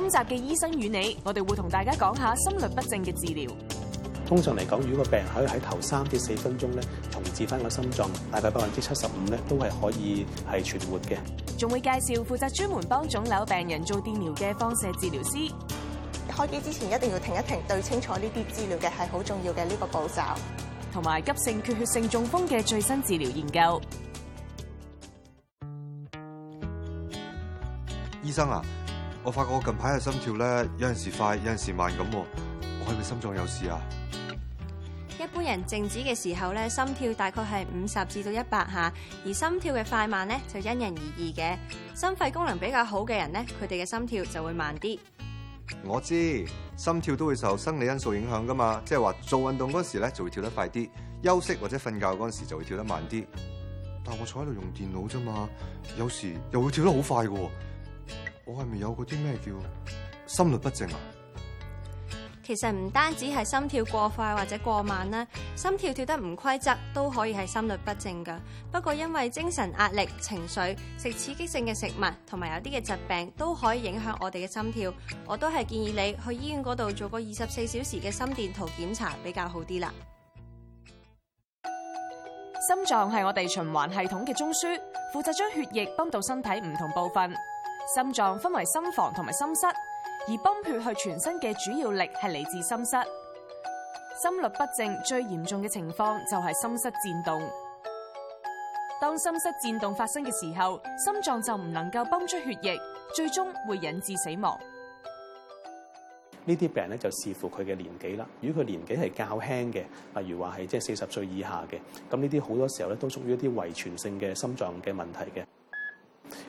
今集嘅醫生與你，我哋會同大家講下心律不正嘅治療。通常嚟講，如果個病人可以喺頭三至四分鐘咧，重置翻個心臟，大概百分之七十五咧，都係可以係存活嘅。仲會介紹負責專門幫腫瘤病人做電療嘅放射治療師。開機之前一定要停一停，對清楚呢啲治療嘅係好重要嘅呢、這個步驟。同埋急性缺血性中風嘅最新治療研究。醫生啊！我發覺我近排嘅心跳咧，有陣時快，有陣時慢咁，我係咪心臟有事啊？一般人靜止嘅時候咧，心跳大概係五十至到一百下，而心跳嘅快慢咧就因人而異嘅。心肺功能比較好嘅人咧，佢哋嘅心跳就會慢啲。我知，心跳都會受生理因素影響噶嘛，即係話做運動嗰時咧就會跳得快啲，休息或者瞓覺嗰時就會跳得慢啲。但我坐喺度用電腦啫嘛，有時又會跳得好快噶。我係咪有嗰啲咩叫心律不正啊？其實唔單止係心跳過快或者過慢啦，心跳跳得唔規則都可以係心律不正㗎。不過，因為精神壓力、情緒、食刺激性嘅食物，同埋有啲嘅疾病都可以影響我哋嘅心跳。我都係建議你去醫院嗰度做個二十四小時嘅心電圖檢查比較好啲啦。心臟係我哋循環系統嘅中樞，負責將血液泵到身體唔同部分。心臟分為心房同埋心室，而泵血去全身嘅主要力係嚟自心室。心律不正最嚴重嘅情況就係心室顫動。當心室顫動發生嘅時候，心臟就唔能夠泵出血液，最終會引致死亡。呢啲病人咧就視乎佢嘅年紀啦。如果佢年紀係較輕嘅，例如話係即係四十歲以下嘅，咁呢啲好多時候咧都屬於一啲遺傳性嘅心臟嘅問題嘅。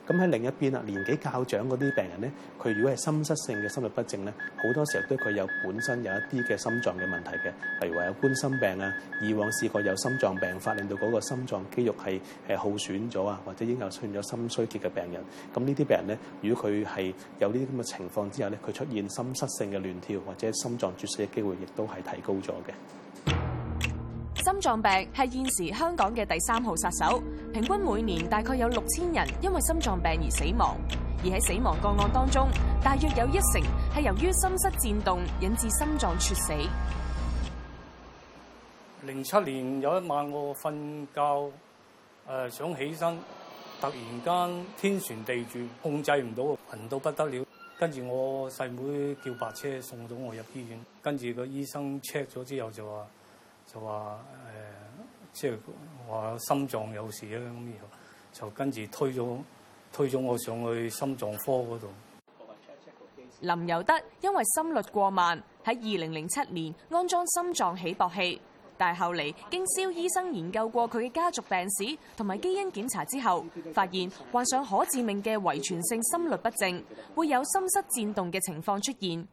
咁喺另一邊啊，年紀較長嗰啲病人咧，佢如果係心室性嘅心律不正咧，好多時候都佢有本身有一啲嘅心臟嘅問題嘅，例如話有冠心病啊，以往試過有心臟病發，令到嗰個心臟肌肉係好耗損咗啊，或者已經有出現咗心衰竭嘅病人。咁呢啲病人咧，如果佢係有呢啲咁嘅情況之下咧，佢出現心室性嘅亂跳或者心臟猝死嘅機會，亦都係提高咗嘅。心臟病係現時香港嘅第三號殺手，平均每年大概有六千人因為心臟病而死亡，而喺死亡個案當中，大約有一成係由於心室顫動引致心臟猝死。零七年有一晚我瞓覺，誒、呃、想起身，突然間天旋地轉，控制唔到，暈到不得了，跟住我細妹、妹叫白車送咗我入醫院，跟住個醫生 check 咗之後就話。就話誒，即係話心臟有事啦，咁然後就跟住推咗推咗我上去心臟科嗰度。林友德因為心率過慢，喺二零零七年安裝心臟起搏器，但係後嚟經蕭醫生研究過佢嘅家族病史同埋基因檢查之後，發現患上可致命嘅遺傳性心律不正，會有心室顫動嘅情況出現。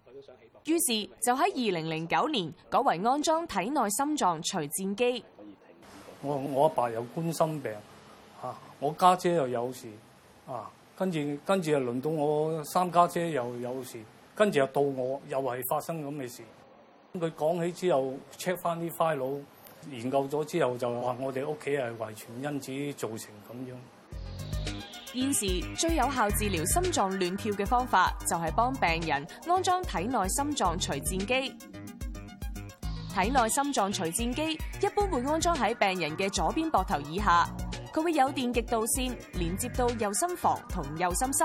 於是就喺二零零九年改為安裝體內心臟除顫機。我我阿爸有冠心病，嚇我家姐，姐又有事啊，跟住跟住又輪到我三家姐，姐又有事，跟住又到我又係發生咁嘅事。佢講起之後 check 翻啲 file 研究咗之後就話我哋屋企係遺傳因子造成咁樣。現時最有效治療心臟亂跳嘅方法，就係幫病人安裝體內心臟除顫機。體內心臟除顫機一般會安裝喺病人嘅左邊膊頭以下，佢會有電極導線連接到右心房同右心室。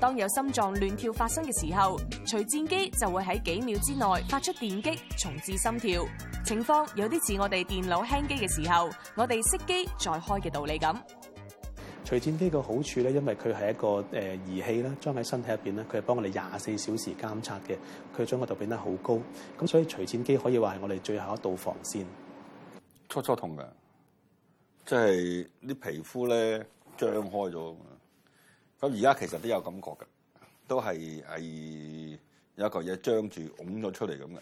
當有心臟亂跳發生嘅時候，除顫機就會喺幾秒之內發出電擊，重置心跳。情況有啲似我哋電腦輕機嘅時候，我哋熄機再開嘅道理咁。除顫機嘅好處咧，因為佢係一個誒、呃、儀器啦，裝喺身體入邊咧，佢係幫我哋廿四小時監察嘅，佢將個度變得好高，咁所以除顫機可以話係我哋最後一道防線。初初痛嘅，即係啲皮膚咧張開咗咁，而家其實都有感覺嘅，都係係、欸、有一個嘢張住拱咗出嚟咁嘅。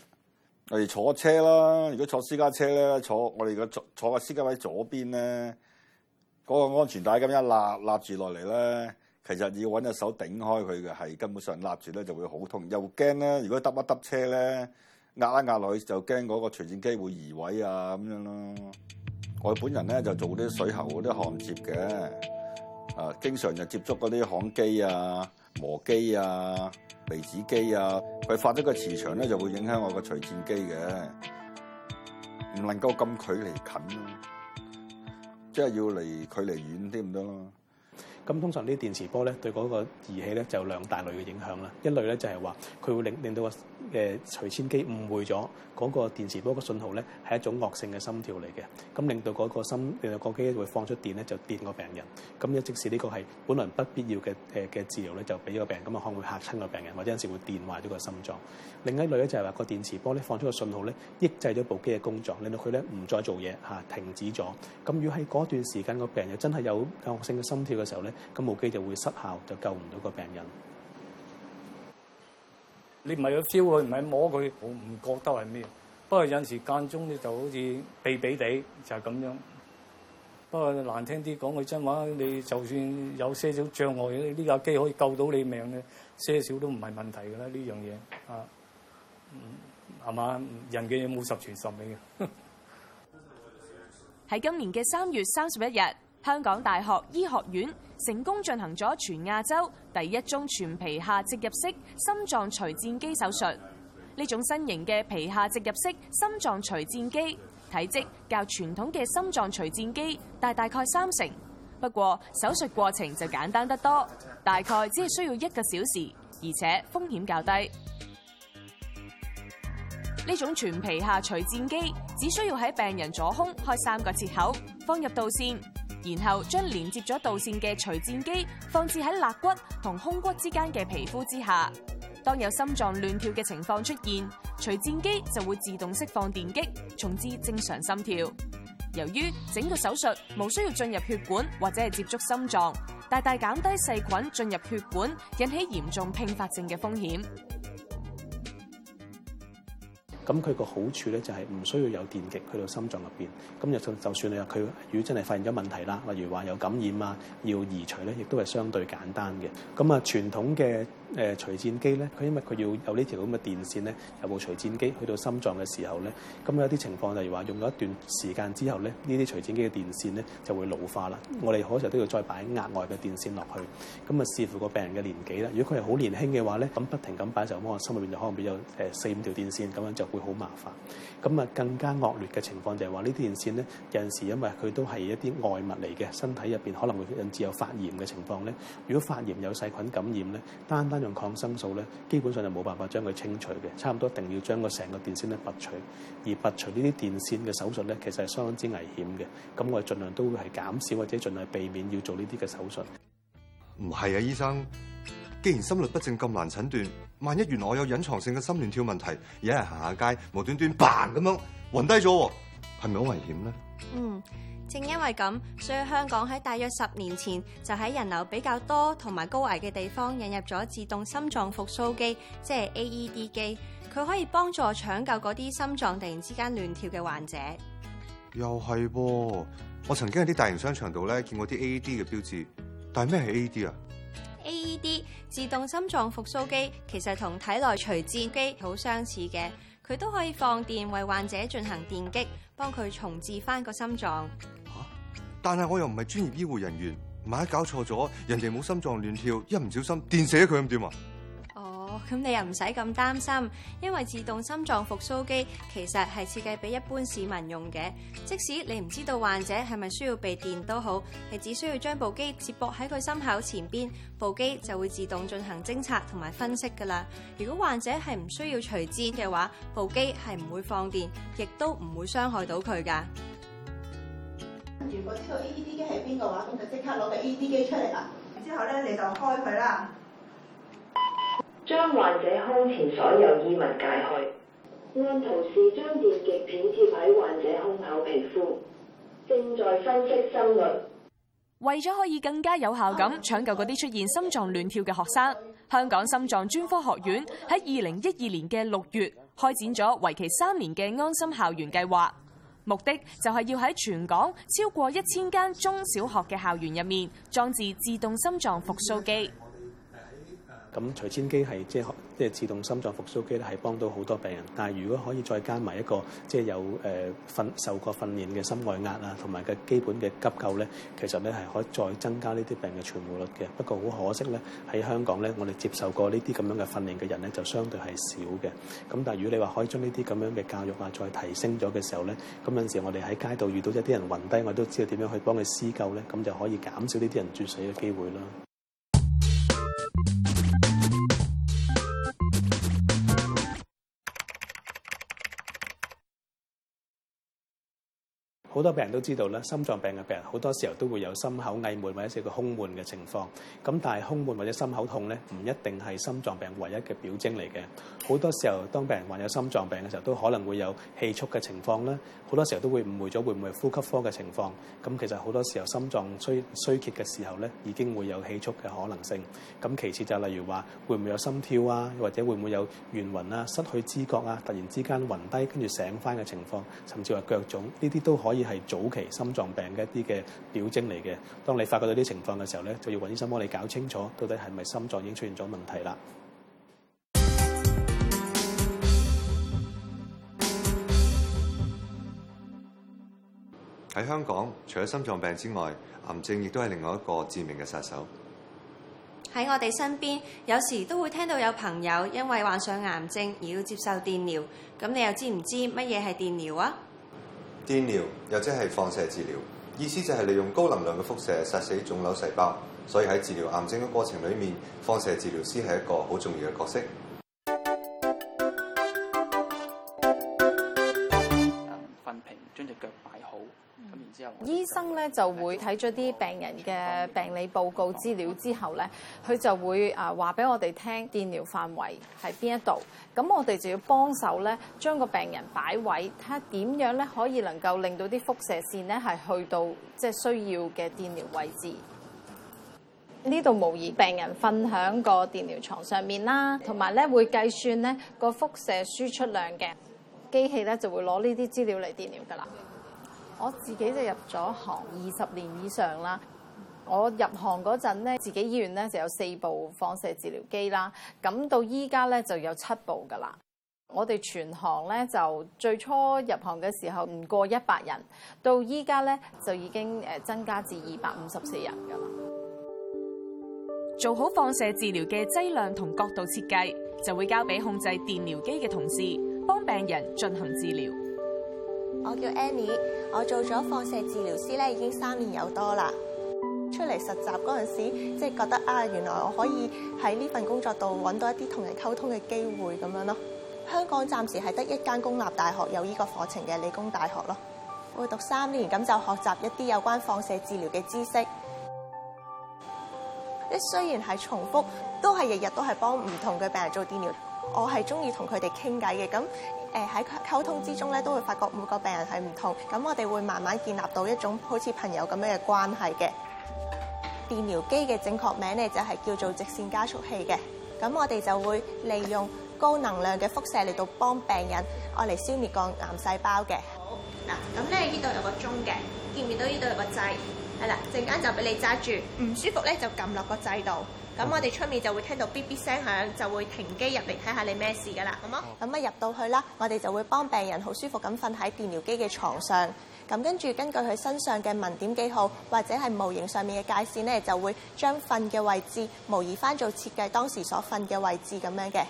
我哋坐車啦，如果坐私家車咧，坐我哋嘅坐坐私家位左邊咧。嗰個安全帶咁一立攬住落嚟咧，其實要搵隻手頂開佢嘅，係根本上立住咧就會好痛。又驚咧，如果揼一揼車咧，壓一壓落去就驚嗰個除顫機會移位啊咁樣咯。我本人咧就做啲水喉嗰啲焊接嘅，啊，經常就接觸嗰啲焊機啊、磨機啊、銼子機啊，佢發咗個磁場咧就會影響我個除顫機嘅，唔能夠咁距離近咯。即係要離距離遠啲唔得咯。咁通常呢啲電磁波咧，對嗰個儀器咧就兩大類嘅影響啦。一類咧就係話，佢會令令到個誒除顫機誤會咗嗰個電磁波嘅信號咧係一種惡性嘅心跳嚟嘅，咁令到嗰個心令到個機會放出電咧就電個病人。咁一即使呢個係本來不必要嘅嘅、呃、治療咧，就俾個病人咁啊可能會嚇親個病人，或者有陣時會電壞咗個心臟，另一類咧就係話個電磁波咧放出個信號咧抑制咗部機嘅工作，令到佢咧唔再做嘢吓停止咗。咁如果係嗰段時間，個病人真係有惡性嘅心跳嘅時候咧，個部機就會失效，就救唔到個病人。你唔係去 feel 佢，唔係摸佢，我唔覺得係咩？不過有時間中你，就好似避避地就係咁樣。不過難聽啲講句真話，你就算有些少障礙，呢架機可以救到你命咧，些少都唔係問題㗎啦。呢樣嘢啊，嗯，係嘛？人嘅嘢冇十全十美嘅。喺今年嘅三月三十一日，香港大學醫學院。成功進行咗全亞洲第一宗全皮下植入式心臟除顫機手術，呢種新型嘅皮下植入式心臟除顫機體積較傳統嘅心臟除顫機大大概三成，不過手術過程就簡單得多，大概只係需要一個小時，而且風險較低。呢種全皮下除顫機只需要喺病人左胸開三個切口，放入導線。然後將連接咗導線嘅除顫機放置喺肋骨同胸骨之間嘅皮膚之下。當有心臟亂跳嘅情況出現，除顫機就會自動釋放電擊，重置正常心跳。由於整個手術無需要進入血管或者係接觸心臟，大大減低細菌進入血管引起嚴重併發症嘅風險。咁佢個好處咧就係唔需要有電極去到心臟入邊。咁就就算你話佢如果真係發現咗問題啦，例如話有感染啊，要移除咧，亦都係相對簡單嘅。咁啊，傳統嘅。誒除顫機咧，佢因為佢要有呢條咁嘅電線咧，有部除顫機去到心臟嘅時候咧，咁有啲情況，就係話用咗一段時間之後咧，呢啲除顫機嘅電線咧就會老化啦。嗯、我哋好多時候都要再擺額外嘅電線落去。咁啊，視乎個病人嘅年紀啦。如果佢係好年輕嘅話咧，咁不停咁擺就咁我心裏面就可能比較誒四五條電線，咁樣就會好麻煩。咁啊，更加惡劣嘅情況就係話呢啲電線咧，有陣時候因為佢都係一啲外物嚟嘅，身體入面可能會引致有發炎嘅情況咧。如果發炎有細菌感染咧，單單用抗生素咧，基本上就冇辦法將佢清除嘅，差唔多一定要將個成個電線咧拔除，而拔除呢啲電線嘅手術咧，其實係相當之危險嘅。咁我哋盡量都會係減少或者盡量避免要做呢啲嘅手術。唔係啊，醫生，既然心律不正咁難診斷，萬一原來我有隱藏性嘅心亂跳問題，而一人行下街，無端端嘭咁樣暈低咗，係咪好危險咧？嗯。正因為咁，所以香港喺大約十年前就喺人流比較多同埋高危嘅地方引入咗自動心臟復蘇機，即係 AED 機。佢可以幫助搶救嗰啲心臟突然之間亂跳嘅患者。又係噃，我曾經喺啲大型商場度咧見過啲 AED 嘅標誌，但係咩係 AED 啊？AED 自動心臟復蘇機其實同體內除顫機好相似嘅，佢都可以放電為患者進行電擊，幫佢重置翻個心臟。但係我又唔係專業醫護人員，萬一搞錯咗，人哋冇心臟亂跳，一唔小心電死咗佢，咁點啊？哦，咁你又唔使咁擔心，因為自動心臟復甦機其實係設計俾一般市民用嘅。即使你唔知道患者係咪需要被電都好，你只需要將部機接駁喺佢心口前邊，部機就會自動進行偵察同埋分析噶啦。如果患者係唔需要除顫嘅話，部機係唔會放電，亦都唔會傷害到佢噶。如果知道 AED 機係邊嘅話，我就即刻攞個 AED 機出嚟啦。之後咧，你就開佢啦。將患者胸前所有衣物解開。按圖示將電極片貼喺患者胸口皮膚。正在分析心率。為咗可以更加有效咁搶救嗰啲出現心臟亂跳嘅學生，香港心臟專科學院喺二零一二年嘅六月開展咗為期三年嘅安心校園計劃。目的就係要喺全港超過一千間中小學嘅校園入面裝置自動心臟復甦機。咁除顫機係即係即係自動心臟復甦機咧，係幫到好多病人。但係如果可以再加埋一個即係有誒、呃、受過訓練嘅心外壓啊，同埋嘅基本嘅急救咧，其實咧係可以再增加呢啲病嘅存活率嘅。不過好可惜咧，喺香港咧，我哋接受過呢啲咁樣嘅訓練嘅人咧，就相對係少嘅。咁但係如果你話可以將呢啲咁樣嘅教育啊，再提升咗嘅時候咧，咁有陣時我哋喺街度遇到一啲人暈低，我都知道點樣去幫佢施救咧，咁就可以減少呢啲人猝死嘅機會啦。好多病人都知道咧，心臟病嘅病人好多時候都會有心口翳悶或者個胸悶嘅情況。咁但係胸悶或者心口痛咧，唔一定係心臟病唯一嘅表徵嚟嘅。好多時候，當病人患有心臟病嘅時候，都可能會有氣促嘅情況啦。好多時候都會誤會咗會唔會係呼吸科嘅情況。咁其實好多時候心臟衰衰竭嘅時候咧，已經會有氣促嘅可能性。咁其次就例如話，會唔會有心跳啊，或者會唔會有眩暈啊、失去知覺啊、突然之間暈低跟住醒翻嘅情況，甚至話腳腫，呢啲都可以，係早期心臟病嘅一啲嘅表徵嚟嘅。當你發覺到呢啲情況嘅時候咧，就要揾醫生幫你搞清楚，到底係咪心臟已經出現咗問題啦。喺香港，除咗心臟病之外，癌症亦都係另外一個致命嘅殺手。喺我哋身邊，有時都會聽到有朋友因為患上癌症而要接受電療，咁你又知唔知乜嘢係電療啊？電療又即係放射治療，意思就係利用高能量嘅輻射殺死腫瘤細胞，所以喺治療癌症嘅過程裏面，放射治療師係一個好重要嘅角色。醫生咧就會睇咗啲病人嘅病理報告資料之後咧，佢就會啊話俾我哋聽電療範圍喺邊一度，咁我哋就要幫手咧將個病人擺位，睇下點樣咧可以能夠令到啲輻射線咧係去到即係需要嘅電療位置。呢度模擬病人瞓喺個電療床上面啦，同埋咧會計算咧個輻射輸出量嘅機器咧就會攞呢啲資料嚟電療㗎啦。我自己就入咗行二十年以上啦。我入行嗰陣咧，自己醫院咧就有四部放射治療機啦。咁到依家咧就有七部噶啦。我哋全行咧就最初入行嘅時候唔過一百人，到依家咧就已經誒增加至二百五十四人噶啦。做好放射治療嘅劑量同角度設計，就會交俾控制電療機嘅同事幫病人進行治療。我叫 Annie，我做咗放射治療師咧已經三年有多啦。出嚟實習嗰陣時，即係覺得啊，原來我可以喺呢份工作度揾到一啲同人溝通嘅機會咁樣咯。香港暫時係得一間公立大學有呢個課程嘅，理工大學咯。會讀三年，咁就學習一啲有關放射治療嘅知識。雖然係重複，都係日日都係幫唔同嘅病人做治療。我係中意同佢哋傾偈嘅咁。誒喺溝通之中咧，都會發覺每個病人係唔同，咁我哋會慢慢建立到一種好似朋友咁樣嘅關係嘅。電療機嘅正確名咧就係叫做直線加速器嘅，咁我哋就會利用高能量嘅輻射嚟到幫病人愛嚟消滅個癌細胞嘅。好嗱，咁咧呢度有個鐘嘅，見唔見到呢度有個掣？係啦，陣間就俾你揸住，唔舒服咧就撳落個掣度。咁我哋出面就會聽到嗶嗶聲響，就會停機入嚟睇下你咩事噶啦，好冇？咁啊入到去啦，我哋就會幫病人好舒服咁瞓喺電療機嘅床上。咁跟住根據佢身上嘅紋點記號或者係模型上面嘅界線咧，就會將瞓嘅位置模擬翻做設計當時所瞓嘅位置咁樣嘅。Yes.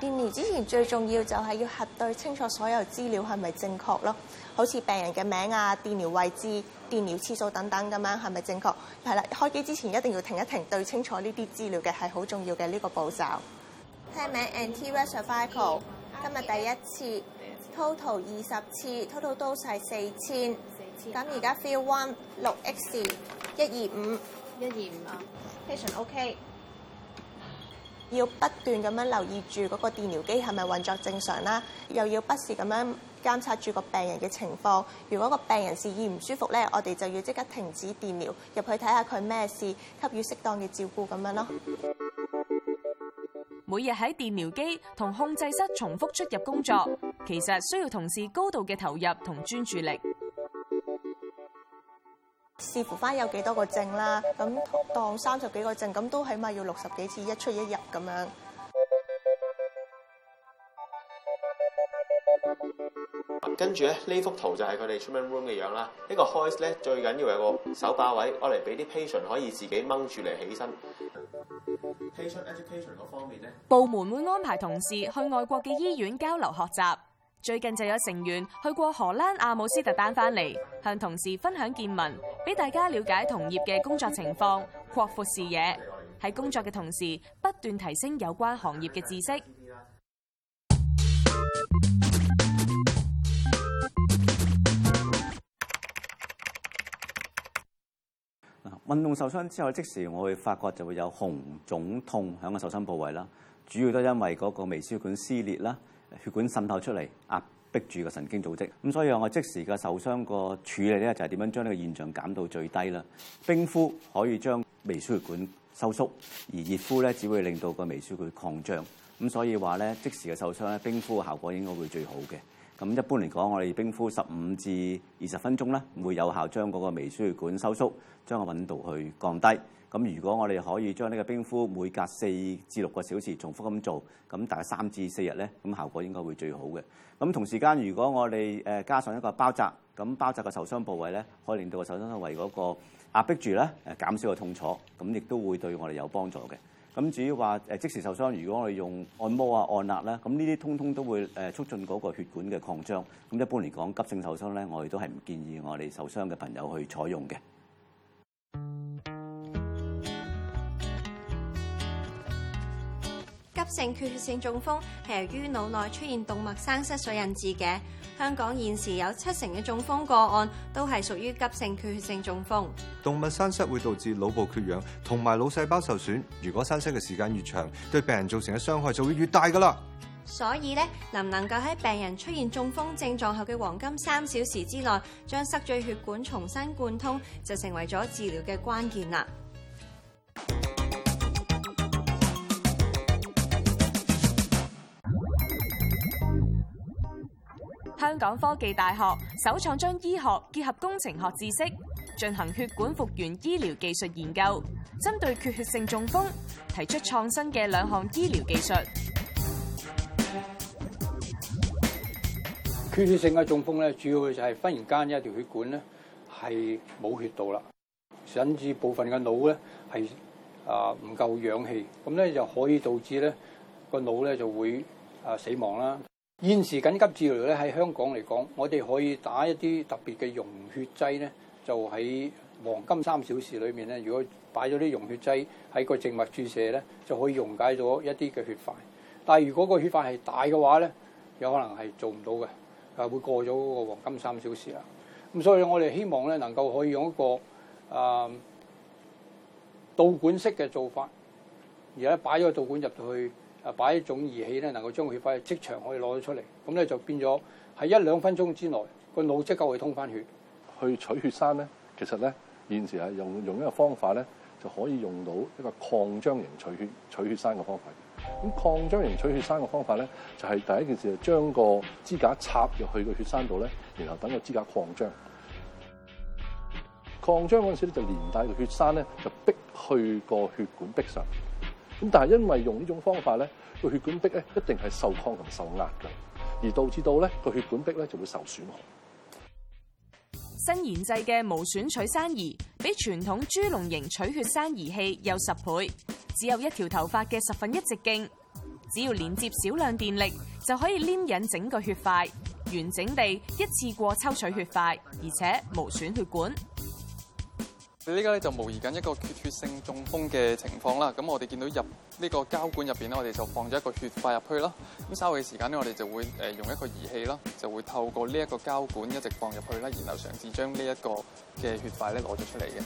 電療之前最重要就係要核對清楚所有資料係咪正確咯。好似病人嘅名啊、電療位置、電療次數等等咁樣，係咪正確？係啦，開機之前一定要停一停，對清楚呢啲資料嘅係好重要嘅呢個步驟。聽名 NT Versatile 今日第一次，total 二十次，total 都係四千。四千。咁而家 Feel One 六 X 一二五一二五啊非常 OK 要不斷咁樣留意住嗰個電療機係咪運作正常啦，又要不時咁樣。監察住個病人嘅情況，如果個病人示意唔舒服咧，我哋就要即刻停止電療，入去睇下佢咩事，給予適當嘅照顧咁樣咯。每日喺電療機同控制室重複出入工作，其實需要同事高度嘅投入同專注力。視乎返有幾多，多個症啦，咁當三十幾個症，咁都起碼要六十幾次一出一入咁樣。跟住咧，呢幅圖就係佢哋出面 m room 嘅樣啦。這個、呢個 hoist 咧最緊要係個手把位，我嚟俾啲 patient 可以自己掹住嚟起身。patient education 嗰方面咧，部門會安排同事去外國嘅醫院交流學習。最近就有成員去過荷蘭阿姆斯特丹翻嚟，向同事分享見聞，俾大家了解同業嘅工作情況，擴闊視野。喺工作嘅同時，不斷提升有關行業嘅知識。運動受傷之後，即時我會發覺就會有紅腫痛響個受傷部位啦。主要都因為嗰個微血管撕裂啦，血管滲透出嚟壓迫住個神經組織咁，所以我即時嘅受傷個處理咧就係點樣將呢個現象減到最低啦。冰敷可以將微血管收縮，而熱敷咧只會令到個微血管擴張咁，所以話咧即時嘅受傷咧冰敷嘅效果應該會最好嘅。咁一般嚟講，我哋冰敷十五至二十分鐘咧，會有效將嗰個微輸血管收縮，將個溫度去降低。咁如果我哋可以將呢個冰敷每隔四至六個小時重複咁做，咁大概三至四日咧，咁效果應該會最好嘅。咁同時間，如果我哋誒加上一個包紮，咁包紮嘅受傷部位咧，可以令到個受傷部位嗰個壓迫住咧，誒減少個痛楚，咁亦都會對我哋有幫助嘅。咁至於話誒即時受傷，如果我哋用按摩啊按壓啦，咁呢啲通通都會誒促進嗰個血管嘅擴張。咁一般嚟講，急性受傷咧，我哋都係唔建議我哋受傷嘅朋友去採用嘅。急性缺血性中風係由於腦內出現動脈生塞所引致嘅。香港現時有七成嘅中風個案都係屬於急性缺血性中風。動脈栓塞會導致腦部缺氧同埋腦細胞受損。如果栓塞嘅時間越長，對病人造成嘅傷害就會越大㗎喇。所以咧，能唔能夠喺病人出現中風症狀後嘅黃金三小時之內，將塞住血管重新貫通，就成為咗治療嘅關鍵啦。香港科技大學首創將醫學結合工程學知識，進行血管復原醫療技術研究，針對缺血性中風提出創新嘅兩項醫療技術。缺血性嘅中風咧，主要就係忽然間一條血管咧係冇血到啦，甚至部分嘅腦咧係啊唔夠氧氣，咁咧就可以導致咧個腦咧就會啊死亡啦。現時緊急治療咧喺香港嚟講，我哋可以打一啲特別嘅溶血劑咧，就喺黃金三小時裏面咧，如果擺咗啲溶血劑喺個靜脈注射咧，就可以溶解咗一啲嘅血塊。但係如果個血塊係大嘅話咧，有可能係做唔到嘅，係會過咗嗰個黃金三小時啦。咁所以我哋希望咧能夠可以用一個啊導管式嘅做法，而家擺咗個導管入到去。啊！擺一種儀器咧，能夠將血塊即場可以攞咗出嚟，咁咧就變咗喺一兩分鐘之內個腦即刻可以通翻血。去取血栓咧，其實咧現時係用用一個方法咧，就可以用到一個擴張型取血取血栓嘅方法。咁擴張型取血栓嘅方法咧，就係第一件事就將個支架插入去個血栓度咧，然後等個支架擴張，擴張嗰陣時咧就連帶個血栓咧就逼去個血管壁上。咁但係因為用呢種方法咧，個血管壁咧一定係受抗同受壓嘅，而導致到咧個血管壁咧就會受損害。新研製嘅無損取栓儀比傳統豬籠型取血栓儀器有十倍，只有一條頭髮嘅十分一直徑，只要連接少量電力就可以黏引整個血塊，完整地一次過抽取血塊，而且無損血管。而家咧就在模擬緊一個缺血性中風嘅情況啦。咁我哋見到入呢個膠管入邊咧，我哋就放咗一個血塊入去啦。咁稍後嘅時間咧，我哋就會誒用一個儀器啦，就會透過呢一個膠管一直放入去啦，然後嘗試將呢一個嘅血塊咧攞咗出嚟嘅。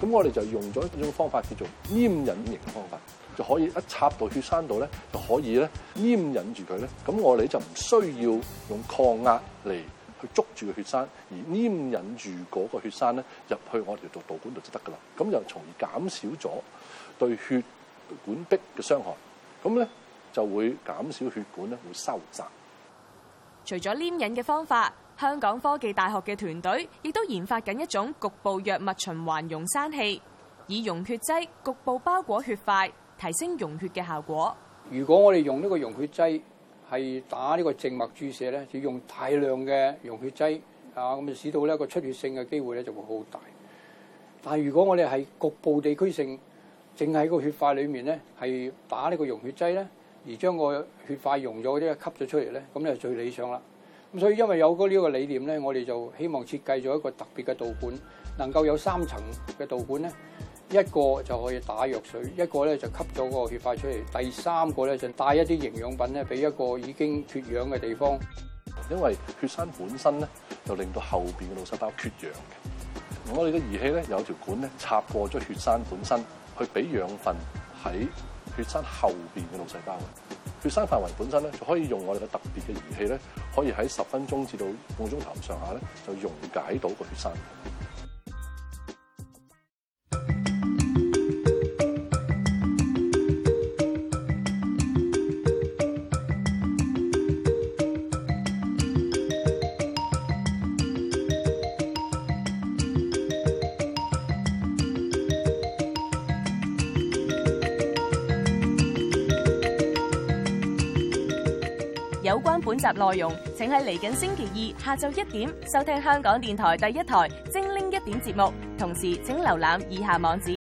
咁我哋就用咗一種方法叫做黏引型方法，就可以一插到血栓度咧，就可以咧黏引住佢咧。咁我哋就唔需要用抗壓嚟。去捉住個血栓，而黏引住嗰個血栓咧入去我哋條導管度就得噶啦，咁又從而減少咗對血管壁嘅傷害，咁咧就會減少血管咧會收窄。除咗黏引嘅方法，香港科技大學嘅團隊亦都研發緊一種局部藥物循環溶栓器，以溶血劑局部包裹血塊，提升溶血嘅效果。如果我哋用呢個溶血劑。係打呢個靜脈注射咧，就用大量嘅溶血劑啊，咁就使到呢個出血性嘅機會咧就會好大。但係如果我哋係局部地區性，淨喺個血塊裡面咧係打呢個溶血劑咧，而將個血塊溶咗咧吸咗出嚟咧，咁就最理想啦。咁所以因為有嗰呢個理念咧，我哋就希望設計咗一個特別嘅導管，能夠有三層嘅導管咧。一個就可以打藥水，一個咧就吸咗個血塊出嚟，第三個咧就帶一啲營養品咧俾一個已經缺氧嘅地方。因為血栓本身咧就令到後面嘅腦細胞缺氧嘅。我哋嘅儀器咧有條管咧插過咗血栓本身，去俾養分喺血栓後面嘅腦細胞。血栓範圍本身咧就可以用我哋嘅特別嘅儀器咧，可以喺十分鐘至到半鐘頭上下咧就溶解到個血栓。本集內容，請喺嚟緊星期二下晝一點收聽香港電台第一台《精靈一點》節目，同時請瀏覽以下網址。